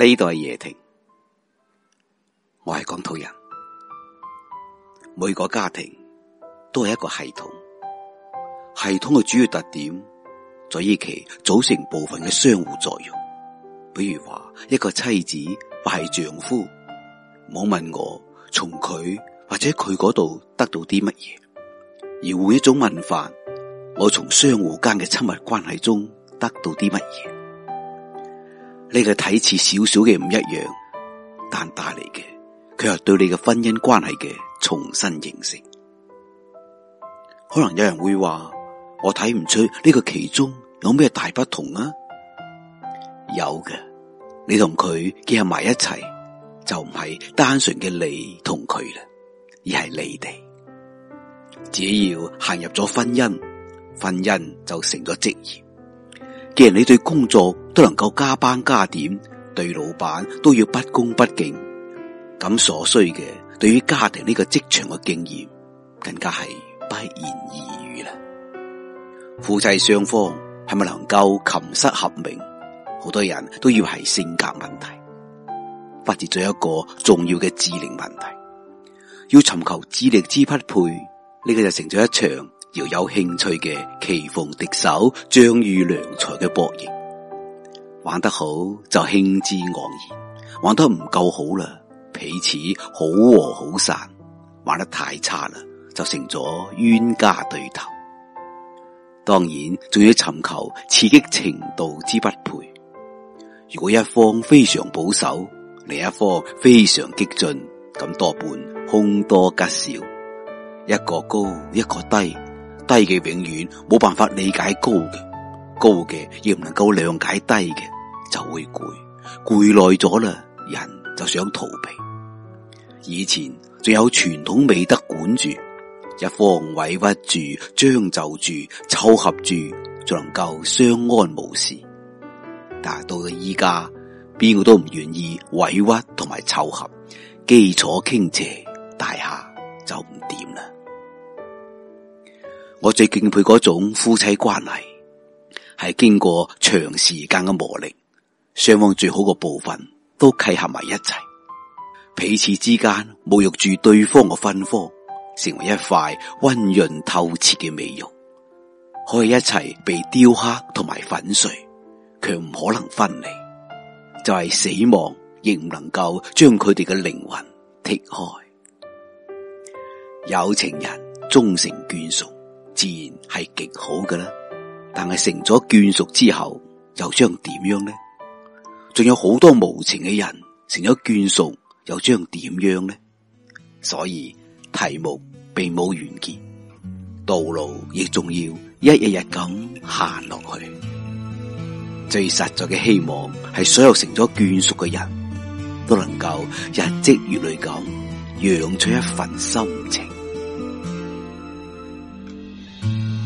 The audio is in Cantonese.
呢度係夜庭，我係港土人。每個家庭都係一個系統，系統嘅主要特點在於其組成部分嘅相互作用。比如話，一個妻子或係丈夫，冇問我從佢或者佢嗰度得到啲乜嘢，而換一種問法，我從相互間嘅親密關係中得到啲乜嘢。呢個睇似小小嘅唔一樣，但帶嚟嘅，佢係對你嘅婚姻關係嘅重新認識。可能有人會話，我睇唔出呢個其中有咩大不同啊？有嘅，你同佢結合埋一齊，就唔係單純嘅你同佢啦，而係你哋。只要行入咗婚姻，婚姻就成咗職業。既然你對工作都能夠加班加點，對老闆都要不恭不敬，咁所需嘅對於家庭呢個職場嘅經驗，更加係不言而喻啦。夫妻雙方係咪能夠琴瑟合鳴？好多人都要係性格問題，發展咗一個重要嘅智力問題，要尋求智力之匹配，呢個就成咗一場。要有興趣嘅棋逢敵手、將遇良才嘅博弈，玩得好就興致盎然；玩得唔夠好啦，彼此好和好散；玩得太差啦，就成咗冤家對頭。當然，仲要尋求刺激程度之不配。如果一方非常保守，另一方非常激進，咁多半凶多吉少，一個高一個低。低嘅永遠冇辦法理解高嘅，高嘅亦唔能夠諒解低嘅，就會攰，攰耐咗啦，人就想逃避。以前仲有傳統美德管住，一方委屈住，將就住，湊合住，仲能夠相安無事。但係到咗依家，邊個都唔願意委屈同埋湊合，基礎傾斜大廈就唔掂啦。我最敬佩嗰種夫妻關係，係經過長時間嘅磨練，雙方最好嘅部分都契合埋一齊，彼此之間侮辱住對方嘅芬芳，成為一塊溫潤透徹嘅美容，可以一齊被雕刻同埋粉碎，卻唔可能分離。就係、是、死亡亦唔能夠將佢哋嘅靈魂剔開。有情人終成眷屬。自然係極好嘅啦，但係成咗眷屬之後又將點樣呢？仲有好多無情嘅人成咗眷屬又將點樣呢？所以題目並冇完結，道路亦仲要一日日咁行落去。最實在嘅希望係所有成咗眷屬嘅人都能夠日積月累咁養出一份心情。